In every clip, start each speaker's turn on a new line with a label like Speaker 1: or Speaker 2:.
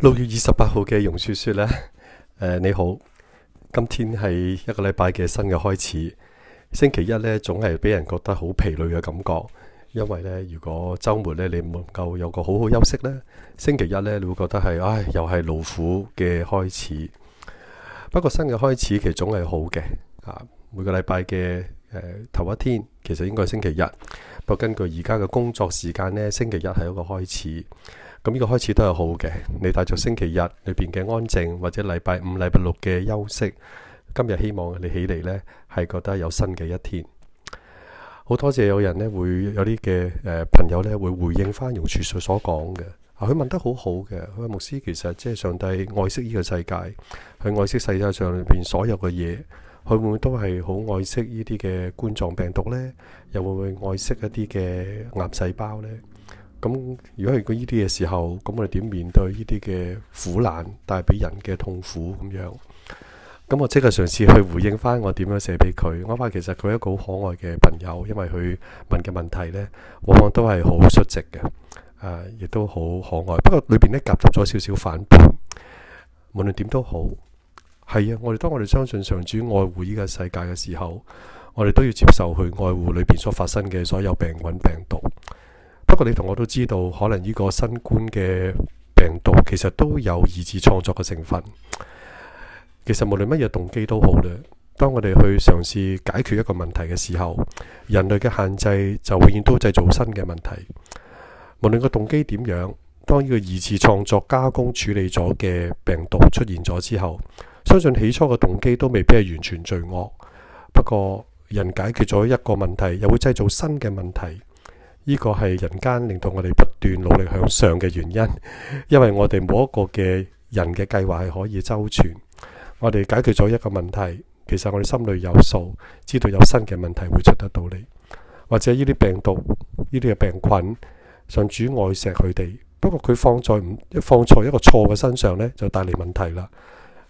Speaker 1: 六月二十八號嘅容雪雪呢，誒、呃、你好，今天係一個禮拜嘅新嘅開始。星期一呢，總係俾人覺得好疲累嘅感覺，因為呢，如果周末呢，你唔能夠有個好好休息呢，星期一呢，你會覺得係，唉、哎，又係勞苦嘅開始。不過新嘅開始其實總係好嘅，啊，每個禮拜嘅誒頭一天其實應該係星期一星期日，不過根據而家嘅工作時間呢，星期一係一個開始。咁呢個開始都係好嘅，你帶着星期日裏邊嘅安靜，或者禮拜五、禮拜六嘅休息，今日希望你起嚟呢，係覺得有新嘅一天。好多謝有人呢，會有啲嘅誒朋友呢會回應翻楊處士所講嘅啊，佢問得好好嘅。佢話牧師其實即係上帝愛惜呢個世界，佢愛惜世界上裏邊所有嘅嘢，佢會唔會都係好愛惜呢啲嘅冠狀病毒呢？又會唔會愛惜一啲嘅癌細胞呢？咁如果係佢呢啲嘅時候，咁我哋點面對呢啲嘅苦難帶俾人嘅痛苦咁樣？咁我即刻嘗試去回應翻我點樣寫俾佢。我話其實佢一個好可愛嘅朋友，因為佢問嘅問題咧，往往都係好率直嘅，誒、呃，亦都好可愛。不過裏邊呢，夾雜咗少少反叛。無論點都好，係啊！我哋當我哋相信上主愛護呢個世界嘅時候，我哋都要接受去愛護裏邊所發生嘅所有病菌病毒。不過你同我都知道，可能呢個新冠嘅病毒其實都有二次創作嘅成分。其實無論乜嘢動機都好啦，當我哋去嘗試解決一個問題嘅時候，人類嘅限制就永遠都製造新嘅問題。無論個動機點樣，當呢個二次創作加工處理咗嘅病毒出現咗之後，相信起初嘅動機都未必係完全罪惡。不過人解決咗一個問題，又會製造新嘅問題。呢個係人間令到我哋不斷努力向上嘅原因，因為我哋冇一個嘅人嘅計劃係可以周全。我哋解決咗一個問題，其實我哋心裏有數，知道有新嘅問題會出得到嚟，或者呢啲病毒、呢啲嘅病菌，上主愛錫佢哋。不過佢放在唔放在一個錯嘅身上呢，就帶嚟問題啦。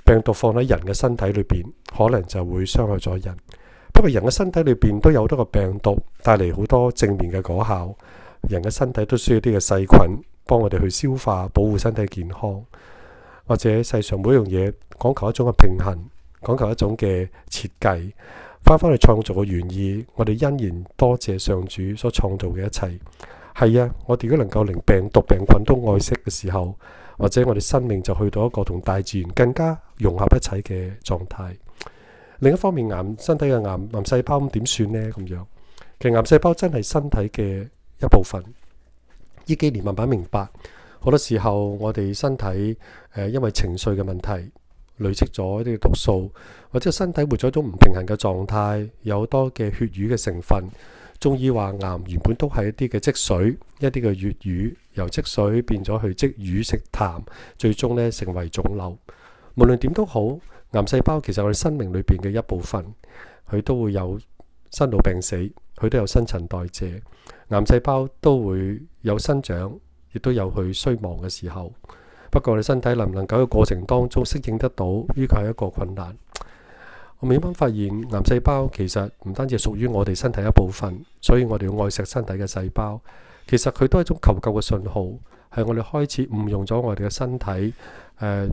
Speaker 1: 病毒放喺人嘅身體裏邊，可能就會傷害咗人。因為人嘅身體裏邊都有好多個病毒，帶嚟好多正面嘅果效。人嘅身體都需要啲嘅細菌幫我哋去消化，保護身體健康。或者世上每樣嘢，講求一種嘅平衡，講求一種嘅設計，翻翻去創造嘅原意。我哋欣然多謝上主所創造嘅一切。係啊，我哋如果能夠令病毒、病菌都愛惜嘅時候，或者我哋生命就去到一個同大自然更加融合一齊嘅狀態。另一方面，癌身體嘅癌癌細胞咁點算呢？咁樣其實癌細胞真係身體嘅一部分。依幾年慢慢明白，好多時候我哋身體誒、呃、因為情緒嘅問題累積咗一啲毒素，或者身體活咗一種唔平衡嘅狀態，有好多嘅血瘀嘅成分。中醫話癌原本都係一啲嘅積水，一啲嘅血瘀，由積水變咗去積瘀食痰，最終呢成為腫瘤。無論點都好。癌細胞其實係我哋生命裏邊嘅一部分，佢都會有生老病死，佢都有新陳代謝，癌細胞都會有生長，亦都有佢衰亡嘅時候。不過我哋身體能唔能夠喺過程當中適應得到，呢個係一個困難。我未啱發現癌細胞其實唔單止係屬於我哋身體一部分，所以我哋要愛惜身體嘅細胞。其實佢都係一種求救嘅信號，係我哋開始誤用咗我哋嘅身體誒。呃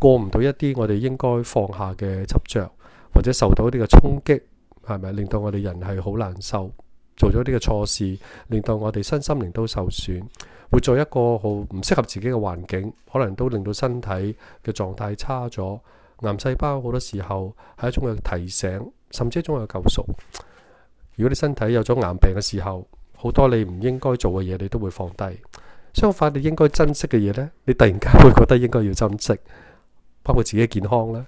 Speaker 1: 過唔到一啲我哋應該放下嘅執着，或者受到呢個衝擊，係咪令到我哋人係好難受？做咗呢個錯事，令到我哋身心靈都受損，會在一個好唔適合自己嘅環境，可能都令到身體嘅狀態差咗。癌細胞好多時候係一種嘅提醒，甚至一種嘅救贖。如果你身體有咗癌病嘅時候，好多你唔應該做嘅嘢，你都會放低。相反，你應該珍惜嘅嘢呢，你突然間會覺得應該要珍惜。包括自己嘅健康啦。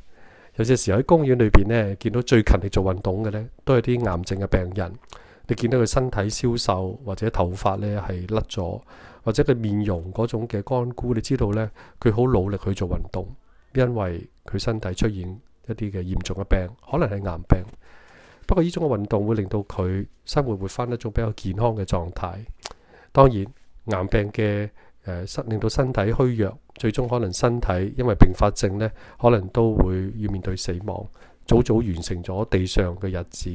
Speaker 1: 有時候喺公園裏邊呢，見到最勤力做運動嘅呢，都係啲癌症嘅病人。你見到佢身體消瘦，或者頭髮呢係甩咗，或者佢面容嗰種嘅乾枯，你知道呢，佢好努力去做運動，因為佢身體出現一啲嘅嚴重嘅病，可能係癌病。不過呢種嘅運動會令到佢生活活返一種比較健康嘅狀態。當然，癌病嘅。誒令到身體虛弱，最終可能身體因為併發症呢，可能都會要面對死亡，早早完成咗地上嘅日子。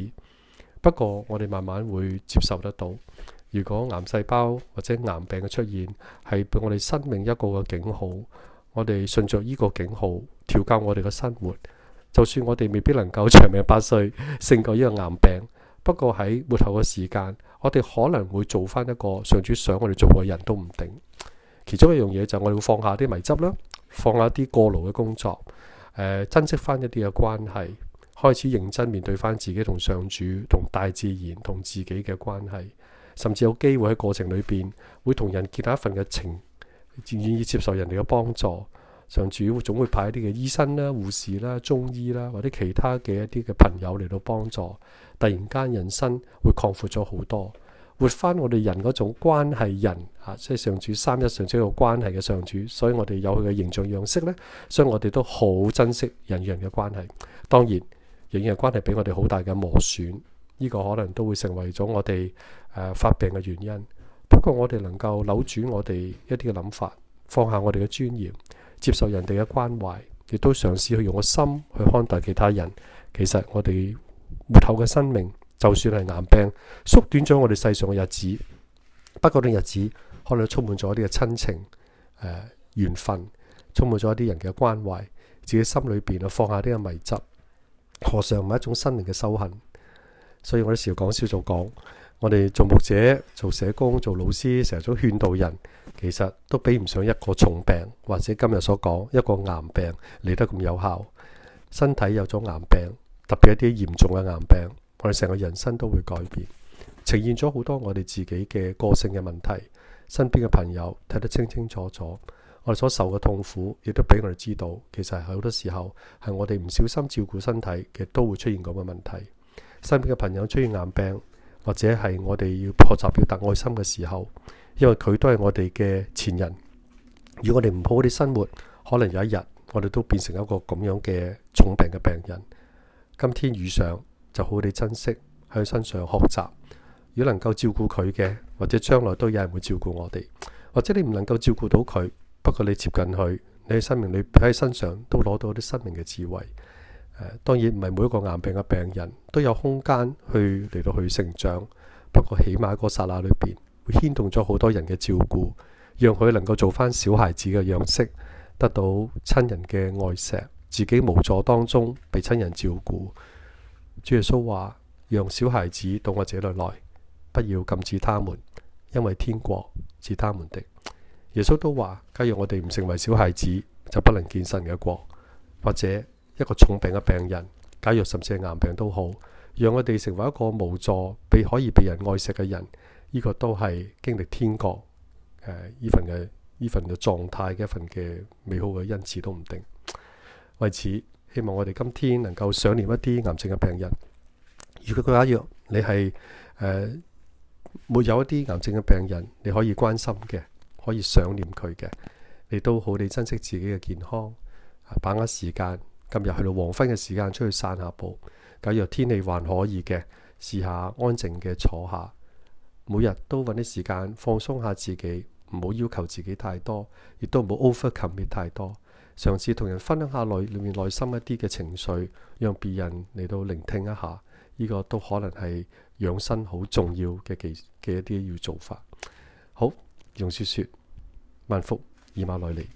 Speaker 1: 不過我哋慢慢會接受得到。如果癌細胞或者癌病嘅出現係畀我哋生命一個嘅警號，我哋順着呢個警號調校我哋嘅生活，就算我哋未必能夠長命百歲，勝過呢個癌病。不過喺末後嘅時間，我哋可能會做翻一個上主想我哋做嘅人都唔定。其中一樣嘢就我哋會放下啲迷執啦，放下啲過勞嘅工作，誒、呃、珍惜翻一啲嘅關係，開始認真面對翻自己同上主、同大自然、同自己嘅關係，甚至有機會喺過程裏邊會同人建立一份嘅情，願意接受人哋嘅幫助。上主會總會派一啲嘅醫生啦、護士啦、中醫啦，或者其他嘅一啲嘅朋友嚟到幫助，突然間人生會擴闊咗好多。活翻我哋人嗰種關係人，啊，即係上主三一上主個關係嘅上主，所以我哋有佢嘅形象樣式咧，所以我哋都好珍惜人與人嘅關係。當然，人與人關係俾我哋好大嘅磨損，呢個可能都會成為咗我哋誒發病嘅原因。不過我哋能夠扭轉我哋一啲嘅諗法，放下我哋嘅尊嚴，接受人哋嘅關懷，亦都嘗試去用個心去看待其他人。其實我哋活後嘅生命。就算係癌病，縮短咗我哋世上嘅日子，不過啲日子可能充滿咗一啲嘅親情、誒、呃、緣分，充滿咗一啲人嘅關懷，自己心裏邊啊放下啲嘅迷執，何嘗唔係一種生命嘅修行，所以我哋少講少做講，我哋做牧者、做社工、做老師，成日都勸導人，其實都比唔上一個重病，或者今日所講一個癌病嚟得咁有效。身體有咗癌病，特別一啲嚴重嘅癌病。我成個人生都會改變，呈現咗好多我哋自己嘅個性嘅問題。身邊嘅朋友睇得清清楚楚，我哋所受嘅痛苦亦都俾我哋知道。其實係好多時候係我哋唔小心照顧身體嘅，都會出現咁嘅問題。身邊嘅朋友出現癌病，或者係我哋要學習表達愛心嘅時候，因為佢都係我哋嘅前人。如果我哋唔好啲生活，可能有一日我哋都變成一個咁樣嘅重病嘅病人。今天遇上，就好，你珍惜喺佢身上學習，如果能夠照顧佢嘅，或者將來都有人會照顧我哋，或者你唔能夠照顧到佢，不過你接近佢，你喺生命裏喺身上都攞到啲生命嘅智慧。呃，當然唔係每一個癌病嘅病人都有空間去嚟到佢成長，不過起碼嗰剎那裏邊會牽動咗好多人嘅照顧，讓佢能夠做翻小孩子嘅樣式，得到親人嘅愛錫，自己無助當中被親人照顧。主耶穌話：讓小孩子到我這裏來，來，不要禁止他們，因為天國是他們的。耶穌都話：假如我哋唔成為小孩子，就不能見神嘅國。或者一個重病嘅病人，假如甚至係癌病都好，讓我哋成為一個無助、被可以被人愛惜嘅人，呢、這個都係經歷天國誒呢、呃、份嘅呢份嘅狀態嘅一份嘅美好嘅恩賜都唔定。為此。希望我哋今天能夠想念一啲癌症嘅病人。如果佢假若你係誒、呃，沒有一啲癌症嘅病人，你可以關心嘅、可以想念佢嘅，你都好地珍惜自己嘅健康，把握時間，今日去到黃昏嘅時間出去散下步。假如天氣還可以嘅，試下安靜嘅坐下。每日都揾啲時間放鬆下自己，唔好要，要求自己太多，亦都唔好 overcommit 太多。嘗試同人分享下內裏面內心一啲嘅情緒，讓別人嚟到聆聽一下，呢、這個都可能係養生好重要嘅技嘅一啲要做法。好，用少少，萬福，以馬內利。